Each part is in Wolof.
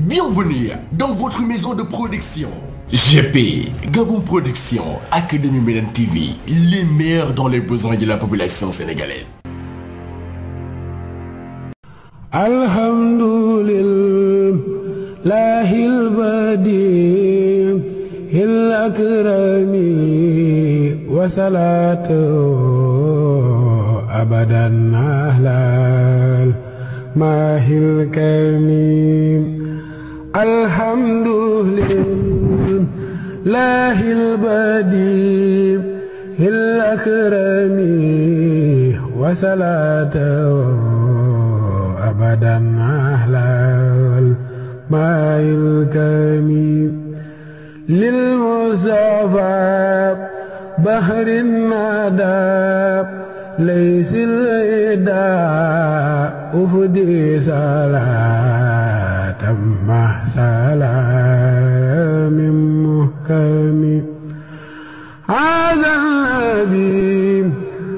Bienvenue dans votre maison de production. GP, Gabon Production, Académie Médane TV, les meilleurs dans les besoins de la population sénégalaise. Alhamdulillahi al-badi al-akrami wa salatu ahlal mahil kamim الحمد لله البديع الأكرم وصلاته أبدا أهلا الماء الكريم للمصطفى بحر الندى ليس الإداء أفدي سلام ختم سلام محكم هذا النبي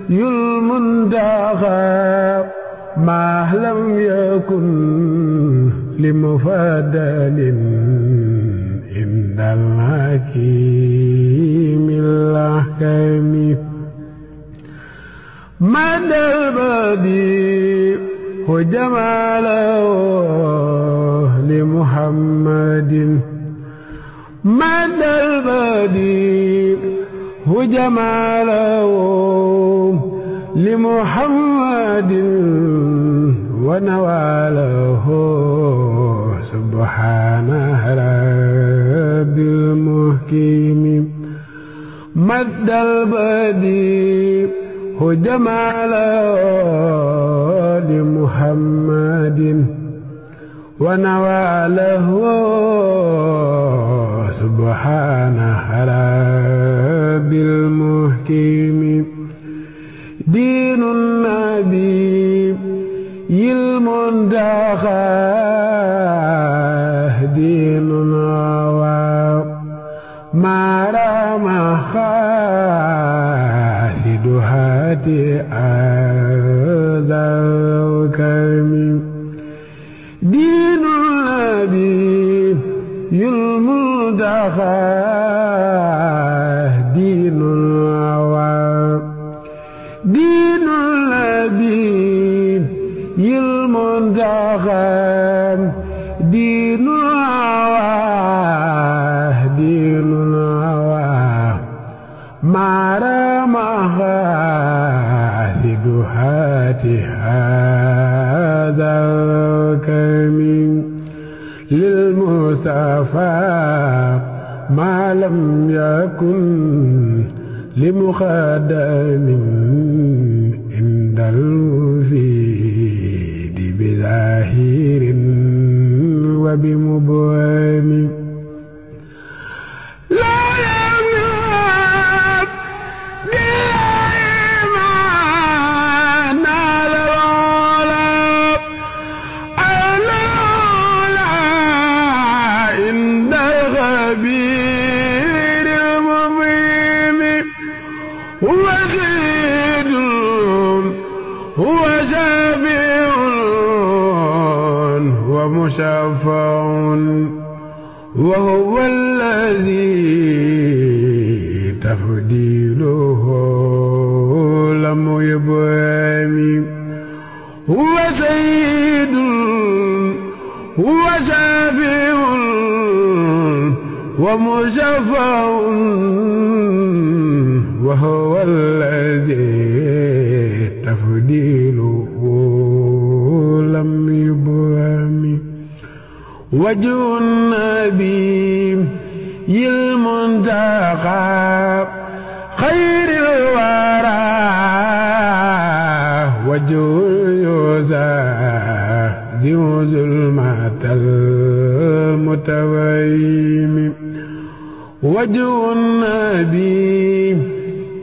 يلمنتقى ما لم يكن لمفادل إن الحكيم الأحكم مدى البديع وجماله لمحمد مد البديع جماله لمحمد ونواله سبحان رب المحكم مد البديع جماله لمحمد ونواله سبحان رب المحكم دين النبي المنتخى دين ما رام خاسدها تأذى الكريم دين المصطفى دين العوام دين الأبي المنتخب دين العوام دين العوام ما رمها سدهات هذا الكمين للمصطفى ما لم يكن لمخادم عند الوفيد بظاهر وبمبهم شفع وهو الذي تفديله لم يبهم هو سيد هو شافع ومشفع وهو الذي تفديله وجه النبي المنتقى خير الورى وجه اليوزى ذو ظلمات المتويم وجه النبي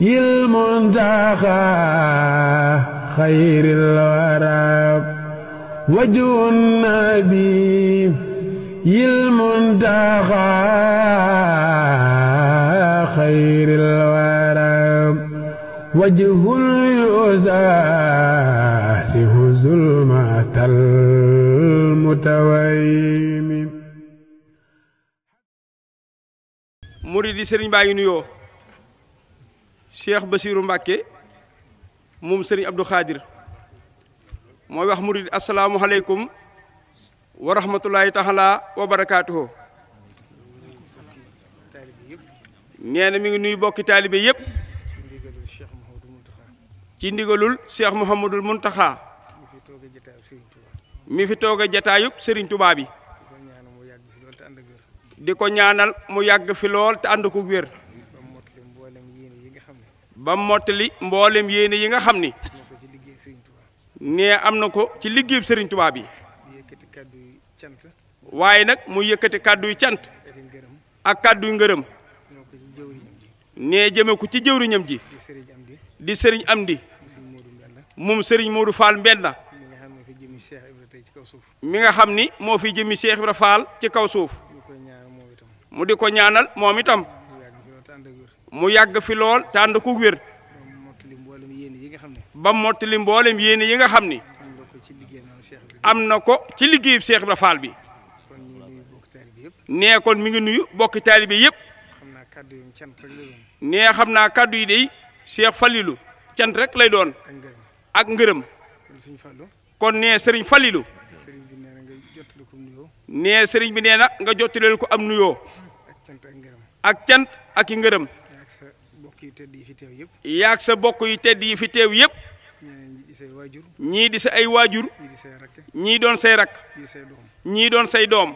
المنتقى خير الورى وجه النبي يلمنتخى خير الورى وجه يزاسه ظلمة المتويم murid yi sëriñ baa ngi nuyoo Cheikh moom sëriñ Abdou Khadir mooy wax murid asalaamualeykum wa rahmatullahi taala wa barakaatuhu nee na mi ngi nuyu bokki taalibe yépp ci ndigalul cheikh mouhamadul muntaxa mi fi tooge jataayub sëriñ tubaa bi di ko ñaanal mu yàgg fi lool te ànd ko wér ba mottali mboolem yéene yi nga xam ni ne am na ko ci liggéeyub sëriñ tubaa cant waaye nag mu yëkkati kàddu yu cant ak kàddu yu ngërëm nee jëme ko ci jëwriñam ji di sëriñ Amdi moom sëriñ Modou Fall Mbenda mi nga xam ni moo fi jëmmi Cheikh Ibra Fall ci kaw suuf mu di ko ñaanal moom itam mu yàgg fi lool te ànd ku wér ba mottali mboolem yéene yi nga xam ni am na ko ci liggéeyu Cheikh Ibra Fall bi nee kon mi ngi nuyu bokki taalibe yëpp nee xam naa kàddu yi day Cheikh Falilou cant rek lay doon ak ngërëm kon nee Serigne Falilou nee sëriñ bi nee na nga jottaleel ko am nuyoo ak cant ak i ngërëm yaag sa bokk yu tedd yi fi teew yëpp. ñii di si ay waajur. ñii di say ñii doon say rakk. ñii doon say doom.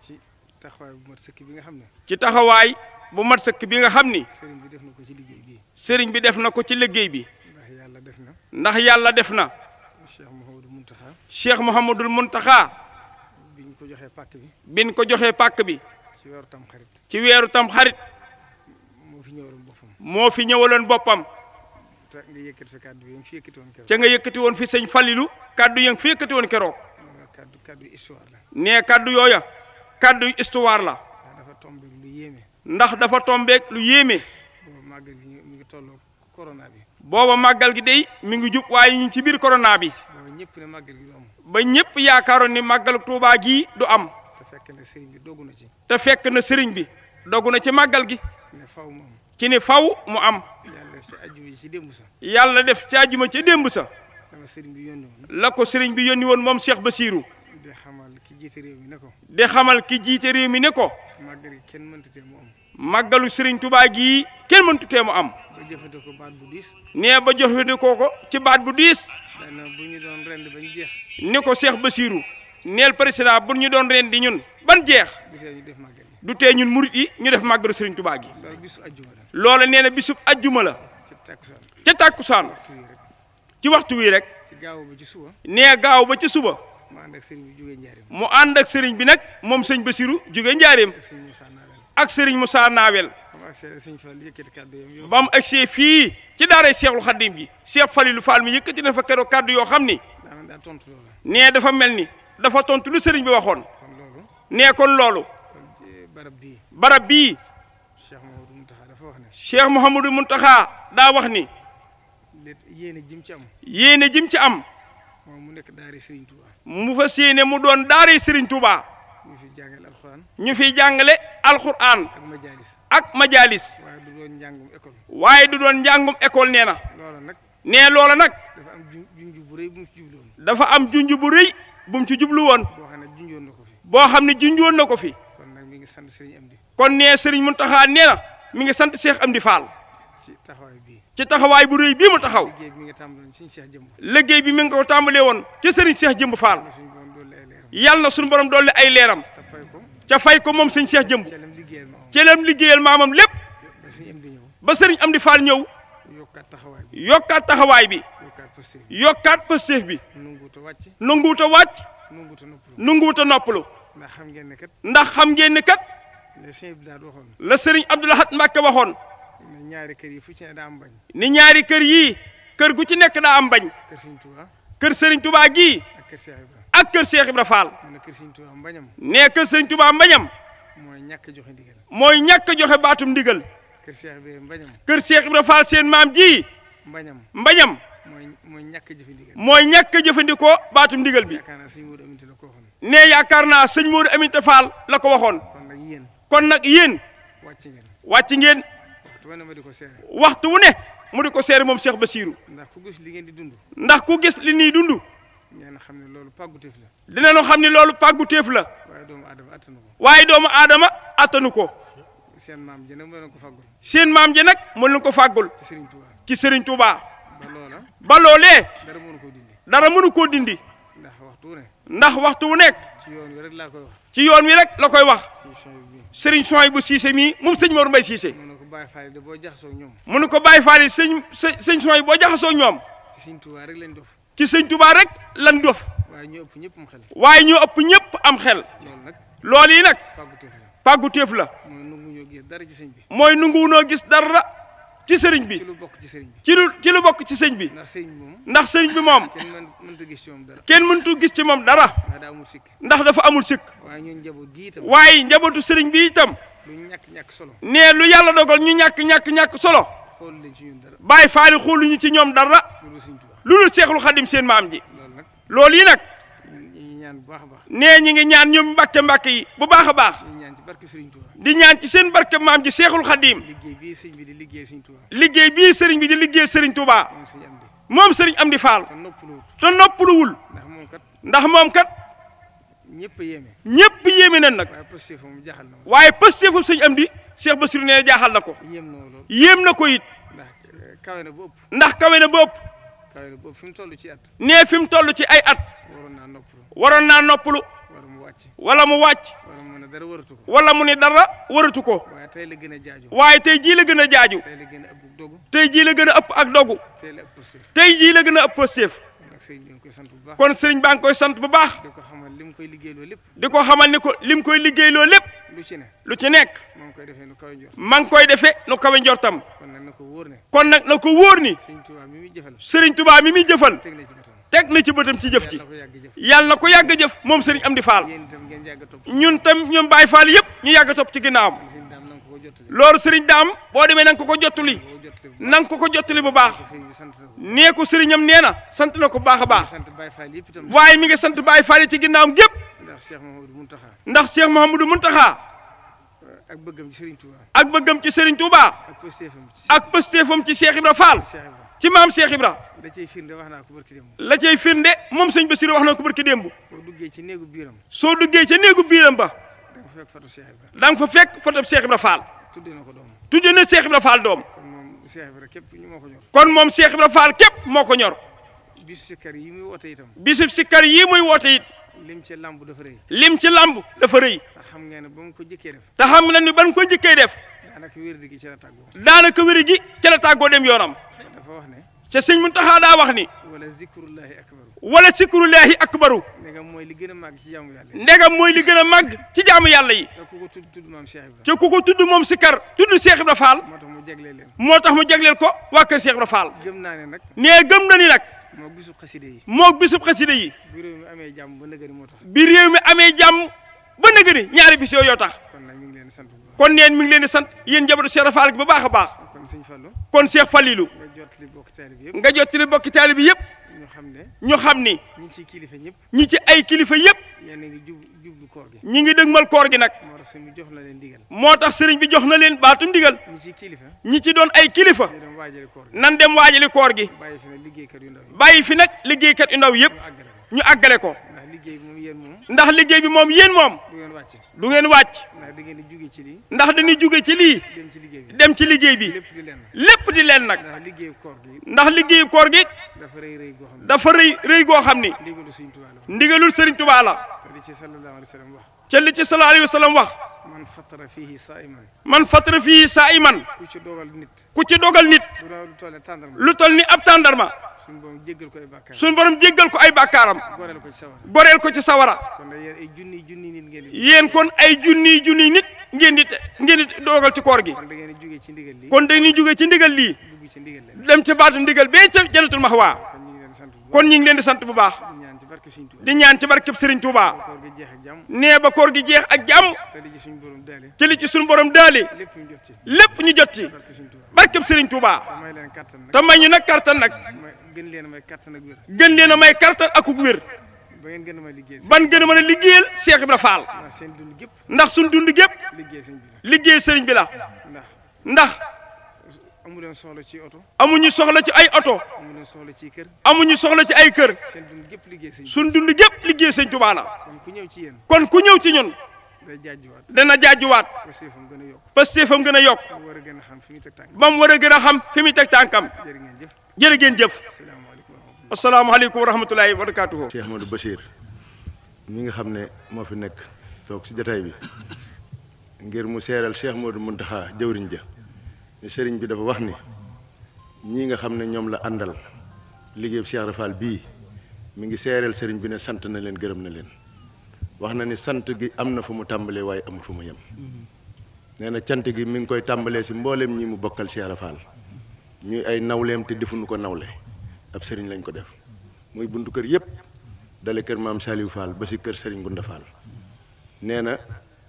ci taxawaay bu mat sëkk bi nga xam ne. ci taxawaay bu mat sëkk nga xam ni. sëriñ bi def na ko ci liggéey bi. sëriñ bi def na ko ci liggéey bi. ndax yàlla def na. ndax yàlla def na. Cheikh Mouhamadul Mountakha. Cheikh Mouhamadul Mountakha. biñ ko joxe pàkk bi. biñ ko joxee pàkk bi. ci weeru tam xarit. ci weeru tam moo fi ñëwaloon boppam. moo fi ñëwaloon boppam. nga yëkkati fi kàddu yi nga fi yëkkati woon keroog. ca nga yëkkati woon fi sëñ Falilou kàddu yi fi yëkkati woon keroog. kàddu kàddu histoire la. yooya kàddu histoire la. ndax dafa tombé lu yéeme. ndax dafa tombé lu yéeme. booba màggal gi mi ngi tolloo corona bi. booba màggal gi dey mu ngi jub waaye ñu ci biir corona bi. ñëpp ne màggal ba ñëpp yaakaaroon ni màggalu Tuubaa gii du am. te fekk na sëriñ bi dogu na ci. te fekk na sëriñ bi dogu na ci màggal gi. ci mu ci ne faw mu am. def ci àjjuma ci démb sa. yàlla def ci àjjuma ca démb sa. la ko sëriñ bi yónni woon moom Cheikh Basirou. de xamal ki jiite réew mi ne ko. de xamal ki jiite réew mi ne ko. màggal gi kenn mënut tee mu màggalu sëriñ Tuubaa gii kenn mënut tee mu am. ba baat bu diis. nee ba jëfandikoo ko ci baat bu diis. bu ñu doon rend bañ jeex. ni ko Cheikh Basirou. neel président bu ñu doon reen di ñun ban jeex du tee ñun murit yi ñu def màggalu Sëriñ Tuubaa gi loolu nee na bisub ajjuma la ca tàkkusaan ci waxtu wii rek nee gaaw ba ci suba mu ànd ak sëriñ bi nag moom sëñ Basiru jóge njaareem ak sëriñ Moussa Nawel ba mu see fii ci daaray Seexul Xaddim bi Seex Falilu Faal mi yëkkati na fa keroog kàddu yoo xam ni nee dafa mel ni dafa tontu lu sëriñ bi waxoon nee kon loolu barab bi Cheikh Mouhamadou Mountakha daa wax ni. yéene jim ci am. yéene jim ci am. moom mu nekk daari Serigne Touba. mu fas yéene mu doon daari Serigne Touba. ñu fi jàngale alxuraan. ñu fi jàngale alxuraan. ak majalis. ak majalis. waaye du doon njàngum école. waaye du doon njàngum école nee na. loola nag. nee loola nag. dafa am junj bu rëy bu mu ci jublu woon. dafa am junj bu rëy bu mu ci jublu woon. boo xam ne junjoon na ko fi. boo xam ne junjoon na ko fi. kon nag mi ngi sant Serigne Amdi. kon nee Serigne Mountakha nee na mi ngi sant Cheikh Amdi Fall. ci taxawaay bi ci taxawaay bu réy bii mu taxaw liggéey bi mi ngi ko tàmbalee woon ci sëriñ Cheikh Jëmb Fall yàlla na suñu borom dolli ay leeram ca fay ko moom sëñ Cheikh Jëmb ci lam liggéeyal maamam lépp ba sëriñ am di Fall ñëw yokkaat taxawaay bi yokkaat pësteef bi nanguut a wàcc nanguut a noppalu ndax xam ngeen ne kat la sëriñ Abdoul Ahad Mbacké waxoon ni ñaari kër yi fu ci ne daa am ñaari kër yii kër gu ci nekk daa am bañ. kër Serigne Touba. kër Serigne Touba gii. ak kër Cheikh Ibra. ak kër Cheikh Ibra Fall. mbañam. nee kër Serigne Touba mbañam. mooy ñàkk joxe ndigal. mooy ñàkk joxe baatum ndigal. kër Cheikh Ibra mbañam. kër Cheikh Ibra Fall seen maam ji. mbañam mbañam. mooy mooy ñàkk a jëfandikoo. mooy ñàkk jëfandikoo baatum ndigal bi. ne yaakaar naa sëñ Modou Aminta Fall la ko waxoon. kon nag yéen. wàcc ngeen. waxtu wu ne mu di ko seere. waxtu wu ne mu di ko seere moom seex Bassirou. ndax ku gis li ngeen di dund. ndax ku gis li ñuy dund. dinañu xam ne loolu pàgguteef la. dinañu xam ne loolu pàgguteef la. waaye doomu aadama attanu ko. waaye doomu aadama attanu ko. seen maam ji nag mën na ko fàggul. seen maam ji nag mën na ko fàggul. ci Serigne Touba. ci Serigne Touba. ba loola. ba loolee. dara mënu koo dindi. dara mënu koo dindi. ndax waxtu wu nekk. ndax waxtu wu nekk. ci yoon wi rek laa koy wax. ci yoon wi rek la koy wax. Serigne Souhaïbou Cissé mii moom sëñ Mor Mbaye Cissé. Baye Fall boo jaxasoo ñoom. mu ne ko Baye Fall sëñ sëñ sëñ sooy boo jaxasoo ñoom. ci sëñ Touba rek lañ dof. ci sëñ Touba rek lañ doof waaye ñu ëpp ñëpp am xel. waaye ñu ëpp ñëpp am xel. loolu nag loolu yi nag. pàggu téef la. mooy nanguwunoo gis dara ci sëñ bi. mooy nanguwunoo gis dara ci sëriñ bi. ci lu bokk ci sëriñ ci lu ci lu bokk ci sëñ bi. ndax sëriñ bi moom. ndax sëriñ bi moom. kenn mëntu gis ci moom dara. kenn mëntu gis ci moom dara. ndax dafa amul sikk. ndax dafa amul sikk. waaye njabootu sëriñ bi itam lu ñàkk ñàkk solo. nee lu yàlla dogal ñu ñàkk ñàkk ñàkk solo. bàyyi faali ñu ci ñoom dara. lu dul seexlu xadim seen maam ji. loolu yi nag. nee ñi ngi ñaan ñoom mbàkke mbàkke yi bu baax a baax. di ñaan ci seen barke maam ji seexul xadim. liggéey bii sëriñ bi di liggéey sëriñ Touba. liggéey bii sëriñ bi di liggéey sëriñ Touba. moom sëriñ Amdi Fall. te noppaluwul. ndax moom kat. ñëpp yéeme ñëpp yéeme nan nag waaye pëstéefam sëñ am di Cheikh Bassirou nee jaaxal na ko yéem na ko it eh, kawe na ba ëpp ndax kawe na ba ëpp fi mu toll ci at nee fi mu toll ci ay at waroon naa noppalu waroon naa noppalu mu wàcc wala mu wàcc wala mu ne dara waratu ko wala mu ne dara waratu ko waaye tey la gën a jaaju waaye tey jii la gën a jaaju tey la gën a ëpp dogu tey jii la gën a ëpp ak dogu tey jii la gën a ëpp séef sëriñ bi nga koy sant bu baax kon sëriñ baa ngi koy sant bu baax. di ko xamal lépp. di ko xamal ni ko lim koy liggéeyloo lépp. lu ci nekk. maa ngi koy defee nu kawe njortam. maa koy defee nu kawe njortam. kon nag na ko wóor kon nag na ko wóor ni. sëriñ Tuubaa mi muy jëfal. sëriñ Tuubaa mi muy jëfal. teg na ci bëtam ci jëf ci yàlla na ko yàgg jëf moom sëriñ Amdi Fall ñun tam ñoom Baye Fall yëpp ñu yàgg topp ci ginnaawam loolu sëriñ daam boo demee na nga ko ko jottali na nga ko ko jottali bu baax nee ko sëriñam nee na sant na ko baax a baax waaye mi ngi sant Baay Faal ci ginnaawam gépp ndax Cheikh Mouhamadou Mountakha ak bëggam ci Serigne Touba. ak bëggam ci Serigne Touba. ak pëstéefam ci Cheikh Ibra Fall. ci maam Cheikh Ibra. la cay firnde wax naa ko barki dem la cay firnde moom sëñ Bassirou wax na ko barki démb. soo duggee ci néegu biiram. soo duggee ca néegu biiram ba. fa fekk foto Cheikh Ibra. da nga fa fekk foto Cheikh Ibra Fall. tuddee na ko doom. tuddee na Cheikh Ibra Fall doom. kon moom Cheikh Ibra képp moo ko ñor. kon moom Cheikh Ibra Fall képp moo ko ñor. bisu sikkar yi muy woote itam. bisu sikkar yi muy woote it. lim ci lamb dafa rëy. lim ci lamb dafa rëy. te xam ngeen ne ba mu ko njëkkee def. te xam ngeen ne ba mu ko njëkkee def. daanaka wér gi ci la tàggoo. daanaka wér gi ci la tàggoo dem yoonam. dafa wax ne. ca sëñ Muntaxa daa wax ni. wala zikrullahi akbaru. wala zikrullahi akbaru. ndegam mooy li gën a màgg ci jaamu yàlla yi. ndegam li gën a màgg ci jaamu yàlla yi. te ku ko tudd tudd maam Cheikh tudd moom Sikar. tudd Cheikh Ibrahima Fall. moo tax mu jagleel leen. moo tax mu jagleel ko waa kër Cheikh Ibrahima naa ne nag. nee gëm na ni nag. moo bisub xaside yi. moo bisub xaside yi. bi réew mi amee jàmm ba nëgëri moo tax. bi réew amee jàmm ba nëgëri ñaari bis yoo yoo tax. kon nag mi ngi leen sant bu baax. kon neen mi ngi leen sant yéen njabootu Cheikh Fall bu baax a baax kon Cheikh Falilou nga jottali bokki taalibe bi yëpp ñu xam ne ñu xam ni ñi ci kilifa ñëpp ñi ci ay kilifa yëpp yéen a ngi jub jublu koor gi ñi ngi dëgmal koor gi nag moo tax sëriñ bi jox na leen ndigal moo tax sëriñ bi jox na leen baatum ndigal ñi ci kilifa ñi ci doon ay kilifa nan dem waajali koor gi bàyyi fi nag liggéeykat yu ndaw yëpp ñu àggale ko. ndax liggéey bi moom yéen moom. ndax liggéey bi moom yéen moom. du ngeen wàcc. ngeen wàcc. ndax ngeen di jóge ci lii. ndax dañuy jóge ci lii. dem ci liggéey bi dem ci liggéey bi. lépp di leen lépp di leen nag. ndax koor gi. ndax liggéeyu koor gi. dafa rëy rëy goo xam ne. dafa rëy rëy goo xam ne. ndigalul Serigne Touba la. ndigalul Serigne Touba la. te li ci sallallahu alayhi wa ca li ci sallallahu alayhi wa sallam wax. man fatara fii saiman man fatara fii saiman ku ci dogal nit. ku ci dogal nit. lu ni ab tàndarma. suñ borom jéggal ko ay bàkkaaram suñ borom ko ay bàkkaaram. goreel ko ci sawara goreel ko ci sawara. kon yéen ay junniy junniy nit ngeen yéen kon ay junniy junniy nit ngeen di ngeen di dogal ci koor gi. kon da ngeen di jóge ci ndigal lii. kon da ngeen di jóge ci ndigal lii. dem ci baatu ndigal bee ca janatul maxwaa. kon ñu leen di sant bu baax di ñaan ci barkeb Serigne Touba nee ba koor gi jeex ak jàmm ci li ci suñu borom daali lépp ñu jot ci barkeb Serigne Touba te may ñu nag kattan nag gën leen a may kattan ak wér gën leen a may kattan ak wér ban gën a mën a liggéeyal Cheikh Ibra Fall ndax suñ dund gépp liggéey sëriñ bi la ndax. amu leen soxla ci oto. amuñu soxla ci ay oto. amu leen soxla ci kër. amuñu soxla ci ay kër. seen dund liggéey sëñ. suñ dund gépp liggéey sëñ Tuubaa kon ku ñëw ci yéen. kon ku ñëw ci ñun. dana jaajuwaat dana jaajuwaat. pasteefam gën a yokk. pasteefam gën a yokk. ba mu war a gën xam fi muy teg tànkam. ba mu a gën a xam fi muy teg tànkam. jërë ngeen jëf. jërë ngeen jëf. asalaamaaleykum wa rahmatulahi wa barakaatuhu. Cheikh Ahmadou Bachir mi nga xam ne moo fi nekk toog si jotaay bi ngir mu seeral Cheikh Modou Mountakha jëwriñ ja ne sëriñ bi dafa wax ni ñii nga xam ne ñoom la àndal liggéey Cheikh bii mu ngi seereel sëriñ bi ne sant na leen gërëm na leen wax na ni sant gi am na fu mu tàmbalee waaye amul fu mu yem nee na cant gi mi ngi koy tàmbalee si mbooleem ñii mu bokkal Cheikh Rafal ñuy ay nawleem te defuñu ko nawle ab sëriñ lañ ko def muy buntu kër yëpp dale kër maam Saliou Fall ba si kër sëriñ Gunda Fall nee na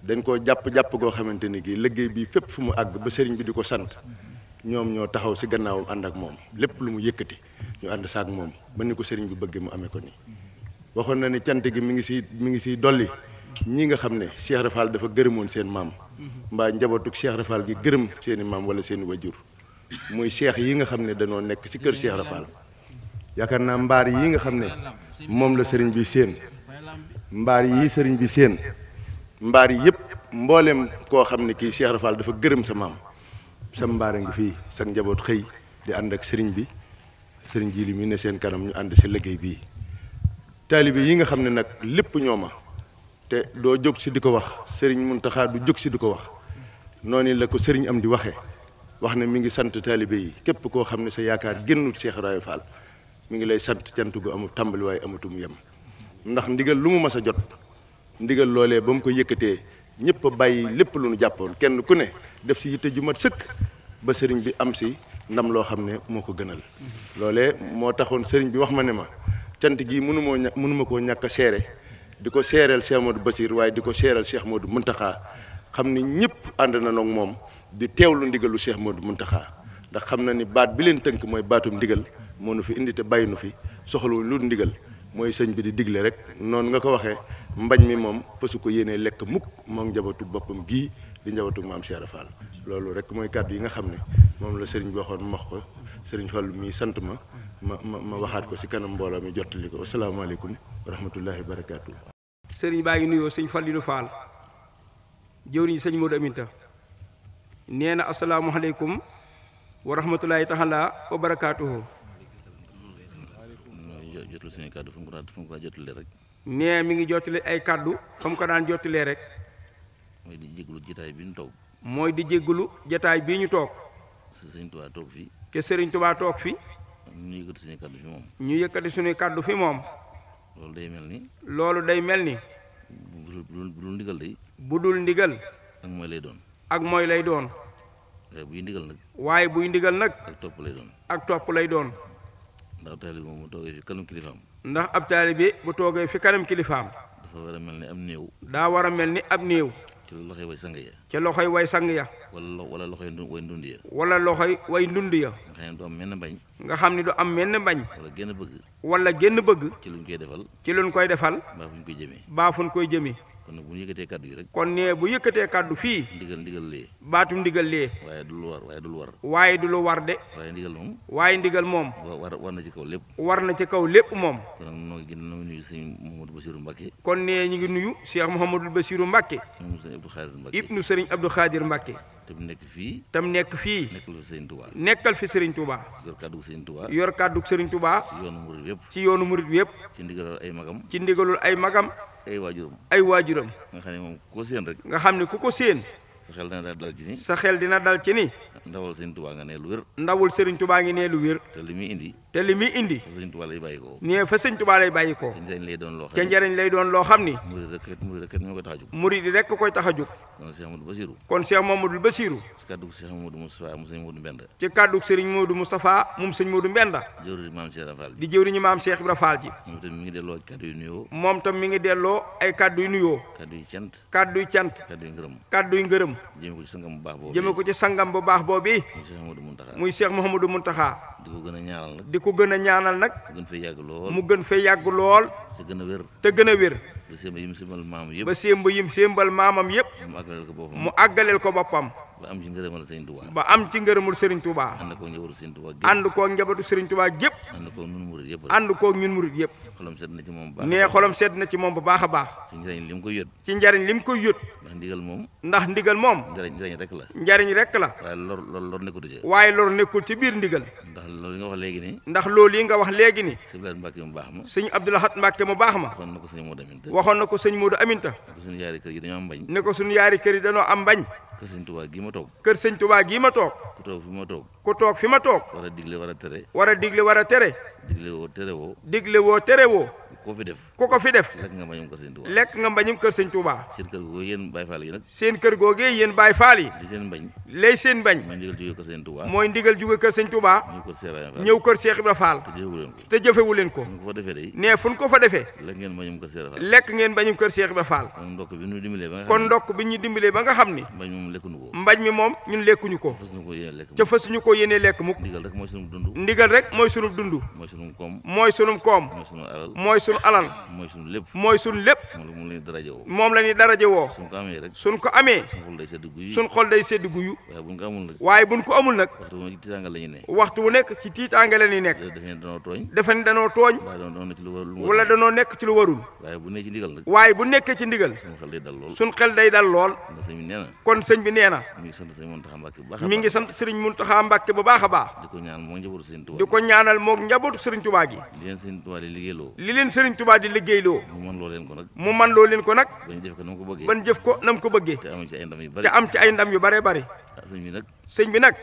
dañ koo jàpp-jàpp goo xamante ni kii liggéey bii fépp fu mu àgg ba sëriñ bi di ko sant ñoom ñoo taxaw si gannaawam ànd ak moom lépp lu mu yëkkati ñu ànd saak moom ba ni ko sëriñ bi bëggee mu amee ko ni waxoon na ni cant gi mi ngi si mi ngi siy dolli ñi nga xam ne Cheikh Rafal dafa gërëmoon seen maam mbaa njabootug Cheikh Rafal gi gërëm seeni i maam wala seen i wajur muy cheikh yi nga xam ne danoo nekk si kër Cheikh Rafal yaakaar naa mbaar yi nga xam ne moom la sëriñ bi seen mbaar yi sëriñ bi seen mbaar yi yëpp mboolem koo xam ne kii Cheikh Rafal dafa gërëm sa maam sa mbaar a ngi fii sa njaboot xëy di ànd ak sëriñ bi sëriñ Jili mi ne seen kanam ñu ànd si liggéey bii. taalibe yi nga xam ne nag lépp ñoo ma te doo jóg si di ko wax sëriñ mun taxaar du jóg si di ko wax noonu la ko sëriñ am di waxee wax ne mi ngi sant taalibe yi képp koo xam ne sa yaakaar génnut Cheikh Raye mu ngi lay sant cant gu amul tàmbaliwaay amatum yem ndax ndigal lu mu mas a jot. ndigal loolee ba mu ko yëkkatee ñëpp a bàyyi lépp lu nu jàppoon kenn ku ne def si yitte ju mat sëkk ba sëriñ bi am si ndam loo xam ne moo ko gënal. loole moo taxoon sëriñ bi wax ma ne ma cant gii mënu moo ña koo ñàkk seere di ko seereel Cheikh Modou Basir waaye di ko seereel Cheikh Modou Mountakha xam ni ñëpp ànd na noog moom di teewlu ndigalu Cheikh Modou Mountakha ndax xam na ni baat bi leen tënk mooy baatum ndigal moo nu fi indi te bàyyi nu fi soxla ndigal mooy sëñ bi di digle rek noonu nga ko waxee. mbañ mi moom fasu ko yéenee lekk mukk moom njabootu boppam gii di njabootu maam Cheikh Fall loolu rek mooy kàddu yi nga xam ne moom la sëriñ bi waxoon wax ko sëriñ Fallu mii sant ma ma ma waxaat ko si kanam mbooloo mi jottali ko asalaamaaleykum wa rahmatullahi wa barakaatu. sëriñ baa ngi nuyoo sëñ Fallilu Fall sëñ Modou Aminta na asalaamaaleykum wa wa barakaatuhu. jotul suñu kàddu fu mu ko daa nee mi ngi jottali ay kàddu fa mu daan jottalee rek. mooy di jégalu jataay bi ñu toog. mooy di jégalu jataay bii ñu toog. sëriñ Tuubaa toog fii. ke sëriñ Tuubaa toog fii. ñu yëkkati suñuy moom. ñu yëkkati suñuy kàddu fi moom. loolu day mel ni. loolu day mel ni. bu dul ndigal day. bu dul ndigal. ak mooy lay doon. ak mooy lay doon. waaye buy ndigal nag. waaye buy ndigal nag. ak topp lay doon. ak topp lay doon. ndax taalibe moom bu toogee fi kanam kilifaam. ndax ab taalibe bu toogee fi kanam kilifaam. dafa war a mel ni ab néew. daa war a mel ni ab néew. ci loxoy way sang ya. ci loxoy way sang ya. wala wala loxoy way ndund ya. wala loxoy way ndund ya. nga xam ni du am menn bañ. nga génn bëgg. wala génn bëgg. ci luñ koy defal. ci luñ koy defal. baa fuñ koy jëmee. baa fuñ koy jëmee. kon nag bu yëkkatee kàddu yi rek. kon ne bu yëkkatee kàddu fii. ndigal ndigal lee. baatum ndigal lee. waaye du lu war waaye du lu war. waaye du lu war de. waaye ndigal moom. waaye ndigal moom. war war na ci kaw lépp. war na ci kaw lépp moom. kon nag ñoo ngi nuyu sëñ Mouhamadou Bassirou Mbacké. kon ne ñu ngi nuyu Cheikh Mouhamadou Bassirou Mbacké. ibnu sëriñ Abdou Khadir Mbacké. ibnu sëriñ Abdou Khadir Mbacké. tam nekk fii. tam nekk fii. nekkal fi Serigne Touba. nekkal fi Serigne Touba. yor kàddu Serigne Touba. yor kàddu Serigne Touba. ci yoonu murid yëpp. ci yoonu murid yëpp. ci ndigalul ay magam. ci ndigalul ay magam. ay waajuram ay waajuram nga xam ne moom ku séen rek nga xam ne ku ko séen sa xel dina dal ci ni. sa xel dina dal ci ni. ndawal Serigne Touba nga ne lu wér. ndawul Serigne Touba ngi ne lu wér. te li muy indi. te li muy indi. fa Serigne Touba lay bàyyi koo. nee fa Serigne Touba lay bàyyi koo. te njëriñ lay doon loo xam ne te njëriñ lay doon loo xam ni. murid rek murid rek ñoo koy tax a jóg. murid rek koy tax a jóg. kon Cheikh Mamadou Bassirou. kon Cheikh Mamadou Bassirou. ci kàddu Cheikh Mamadou Moustapha mu Serigne Modou Mbenda. ci kàddu Serigne Modou Moustapha moom Serigne Modou Mbenda. jëwriñu maam Cheikh Ibra Fall ji. di jëwriñu maam Cheikh Ibra Fall ji. moom tam mi ngi delloo kàddu yu nuyoo. moom tam mi ngi delloo ay kàddu yu nuyoo. kàddu yu cant. kàddu yu cant. kàddu yu ngërëm. kàddu yu ngërëm ngërëm jëme ko ci sangam bu baax boobu jëme ko ci sangam bu baax boobu muy Cheikh Mouhamadou Mountakha di ko gën a ñaanal nag di ko gën a ñaanal nag mu gën fee yàgg lool mu gën fee yàgg lool te gën a wér te gën a wér ba sémba yim sémbal maamam yëpp ba sémba yim sémbal maamam yëpp mu mu àggaleel ko boppam ba am ci ngërëmal sëriñ Touba ba am ci ngërëmul sëriñ Touba ànd koog njabootu sëriñ Touba gépp ànd koog njabootu sëriñ Touba gépp ànd koog ñun murit yëpp ànd koog ñun murit yëpp xolam sedd na ci moom bu baax nee xolam sedd na ci moom bu baax a baax ci njariñ li mu koy yót ci njariñ li mu koy yót ndax ndigal moom ndax ndigal moom njariñ njariñ rek la njariñ rek la waaye lor lor lor nekkul ci waaye lor nekkul ci biir ndigal ndax loolu nga wax léegi ni ndax loolu yi nga wax léegi ni sëñ Abdoulahat Mbàkke mu baax ma sëñ Abdoulahat Mbàkke mu baax ma waxoon na ko sëñ Modou Aminta waxoon na ko sëñ Modou Aminta ne ko suñu yaari kër yi dañoo am bañ ne ko suñu yaari kër yi dañoo am bañ kër sëñ Touba gi ma toog kër sëñ Touba gii ma toog ku toog fi ma toog ku toog fi ma toog war a digle war a tere war a digle war a tere digle woo tere woo. digle woo tere woo. koo fi def ku ko fi def. lekk nga mbañum kër sëñ Touba. lekk nga mbañum kër sëñ Touba. seen kër googu yéen Baye Fall yi nag. seen kër googu yéen Baye Fall yi. li seen mbañ. lay seen mbañ. mooy ndigal jóge kër sëñ Touba. mooy ndigal jóge kër sëñ Touba. ñëw kër Cheikh Ibrahima Fall. te jëfewu leen ko. ne fu ñu ko fa defee. lekk ngeen mbañum kër Cheikh lekk ngeen mbañum kër Cheikh Ibrahima Fall. kon ndokk bi ñu dimbalee ba nga. kon ndokk bi ñu dimbalee ba nga xam ni. mbañ moom lekkuñu ko. mbañ mi moom ñun lekkuñu ko. ca fas ñu ko yéene lekk mukk. ndigal rek mooy sunu dund. sunum koom. mooy sunum koom. mooy sunu alal. mooy sunu alal. mooy sunu lépp. mooy sunu lépp. moom la ñuy moom la ñuy daraje ko amee rek. ko amee. suñ xol day sedd guyu. waaye buñ ko ci tiitaange la ñuy nekk. waxtu wu nekk ci tiitaange la ñuy nekk. dafa ne danoo tooñ. dafa ne danoo lu warul. waaye bu nekkee ci ndigal nag. waaye bu nekkee ci ndigal. suñ xel day dal lool. suñ xel day dal lool. kon sëñ bi nee na. ngi sant sëñ Muntaxa Mbàkke bu a baax. bu baax a baax. di sëriñ tubaa gi li leen sëriñ tubaa di liggéeyloo li leen sëriñ tubaa di liggéeyloo mu man loo leen ko nag mu man loo leen ko nag ban jëf ko na mu ko bëggee ban jëf ko na mu ko bëggee te am ci ay ndam yu bare te am ci ay ndam yu bare bare sëñ bi nag sëñ bi nag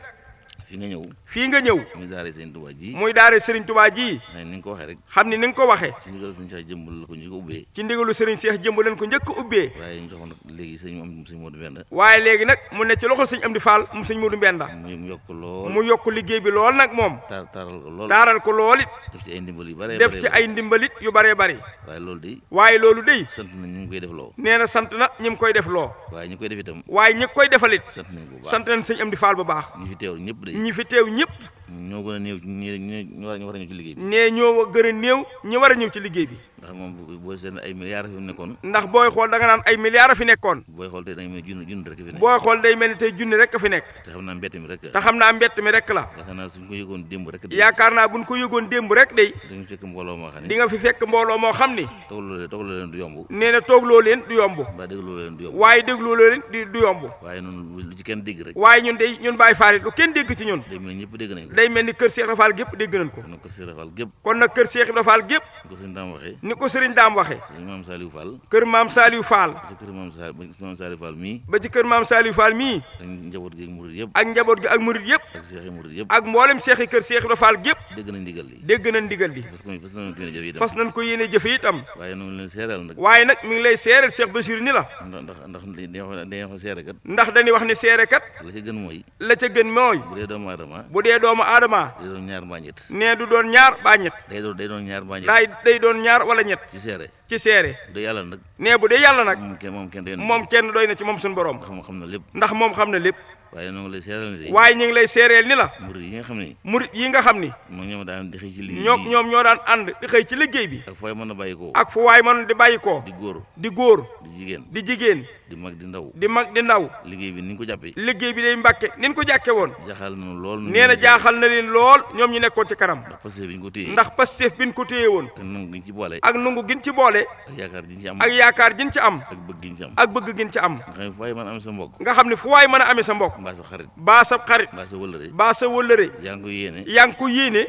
fi nga fii nga ñëw muy daare Serigne Touba ji muy daare Serigne Touba ji xam ni nga ko waxee rek xam ni ni nga ko waxee ci ndigalu Serigne Cheikh jëmbal la ko njëkk a ubbee ci ndigalu Serigne Cheikh jëmbal leen ko njëkk a waaye ñu nag léegi sëñ am sëñ Modou Mbenda waaye léegi nag mu ne ci loxol sëñ Amdi Fall mu sëñ Modou Mbenda mu yokk lool mu yokk liggéey bi lool nag moom taaral ko lool ko lool it def ci ay ndimbal yu bare ay ndimbalit yu bare bari waaye loolu day waaye loolu day sant na ñu koy def loo nee na sant na ñi koy def loo waaye ñi koy def waaye ñi koy defalit sant nañ ko sant nañ sëñ Amdi Fall ñu fi teew ñi fi teew ñëpp ñoo gën a néew ñi war a ñëw ci liggéey bi. nee ñoo gën a néew ñi war a ñëw ci liggéey bi. ndax moom booy seet ay milliards fi nekkoon. ndax booy xool da nga naan ay milliards fi nekkoon. booy xool tey day mel ni junni junni rek fi nekk. booy xool day mel ni tey junni rek fi nekk. te xam naa mbett mi rek. te xam naa mbett mi rek la. yaakaar naa suñ ko yëgoon démb rek. yaakaar naa buñ ko yëgoon démb rek day. di nga fi fekk mbooloo moo xam ne. di nga fi fekk mbooloo moo xam ne. toogloo leen toogloo leen du yomb. nee na toogloo leen du yomb. waaye dégloo leen du yomb. waaye dégloo leen du yomb. waaye ñun lu ci kenn dégg rek. waaye ñun day ñun bàyyi faari lu kenn dégg ci ñun. day mel ni ñëpp dégg nañ ko. day mel ni kër Cheikh Ibra Fall gépp dégg nañ ko kon nag kër Cheikh Ibra Fall gépp kon nag kër Cheikh Ibra Fall gépp ni ko sëriñ daam waxee ni ko sëriñ daam waxee kër maam Saliou Fall kër maam Saliou Fall ba ci kër maam Saliou Fall mii ba ci kër maam Saliou Fall mii ak njaboot gi ak murid yëpp ak njaboot gi ak murid yëpp ak seex yi murid yëpp ak mboolem seex yi kër Cheikh Ibra Fall gépp dégg nañ ndigal li dégg nañ ndigal li fas nañ ko yéene jëfe itam waaye nag mi ngi lay seeral nag waaye nag mi ngi lay seeral Cheikh Bassirou ni la ndax ndax dañuy wax ne seere kat ndax dañuy wax ne seere kat la ca gën mooy la ca gën mooy bu dee doomu aadama bu dee doomu Adama. day doon ñaar mbaa ñett. nee du doon ñaar mbaa ñett. day doon day doon ñaar mbaa ñett. day day doon ñaar wala ñett. ci seere. ci seere. bu dee yàlla nag. nee bu dee yàlla nag. moom kenn doy na ci moom suñu borom. ndax moom xam na lépp. ndax moom xam na lépp. waaye ñu ngi lay seereel ni waaye ñu ngi lay seereel ni la murit yi nga xam ni murit yi nga xam ni moom ñoom daan di xëy ci liggéey ñoom ñoom ñoo daan ànd di xëy ci liggéey bi ak fu waay mën a bàyyikoo ak fu waay mën di bàyyikoo di góor di góor di jigéen di jigéen di mag di ndaw di mag di ndaw liggéey bi ni ñu ko jàppee liggéey bi day mbàkke ni ñu ko jàkke woon jaaxal na lool nee na jaaxal na leen lool ñoom ñu nekkoon ci kanam ndax Pastef bi ñu ko téye ndax Pastef bi ñu ko téye woon ak nungu giñ ci boole ak nungu giñ ci boole ak yaakaar giñ ci am ak yaakaar giñ ci am ak bëgg giñ ci am ak bëgg giñ ci am nga xam ne fu waay mën a amee sa mbokk nga xam ne fu waay mën a amee sa mbokk mbaa sa xarit mbaa sa xarit mbaa sa wëllëre mbaa sa wëllëre yaa ngi ko yéene yaa ngi ko yéene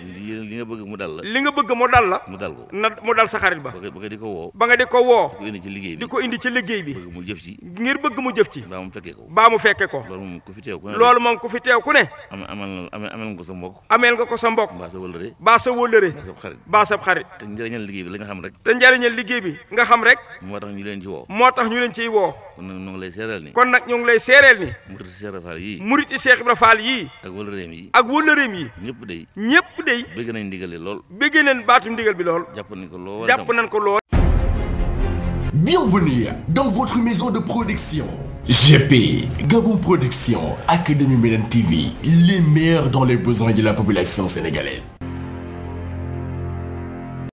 li nga bëgg mu dal la li nga bëgg mu dal la mu dal ko na mu dal sa xarit ba ba nga di ko woo ba nga di ko woo di ko indi ci liggéey bi di ko indi ci liggéey bi ngir bëgg mu jëf ci. baa mu fekkee ko. baa mu fekkee ko. loolu moom ku teew ku ne. loolu moom ku teew ku ameel nga ko sa mbokk. ameel nga ko sa mbokk. baa sa wëllëre. baa sa wëllëre. baa sa xarit. te njëriñal liggéey bi la nga xam rek. te njëriñal liggéey bi nga xam rek. moo tax ñu leen ci woo. moo tax ñu leen ciy woo. kon nag ñu ngi lay seereel ni. kon nag ñu ngi lay seereel ni. murit Cheikh Ibra Fall yii. murit Cheikh Ibra Fall wëllëreem yi. ak wëllëreem yi. ñëpp day. ñëpp day. bëgg nañ ndigal li lool. bëgg nañ baatum ndigal bi lool. jàpp nañ ko lool. ko lool. Bienvenue dans votre maison de production. GP, Gabon Production, Académie Médine TV, les meilleurs dans les besoins de la population sénégalaise.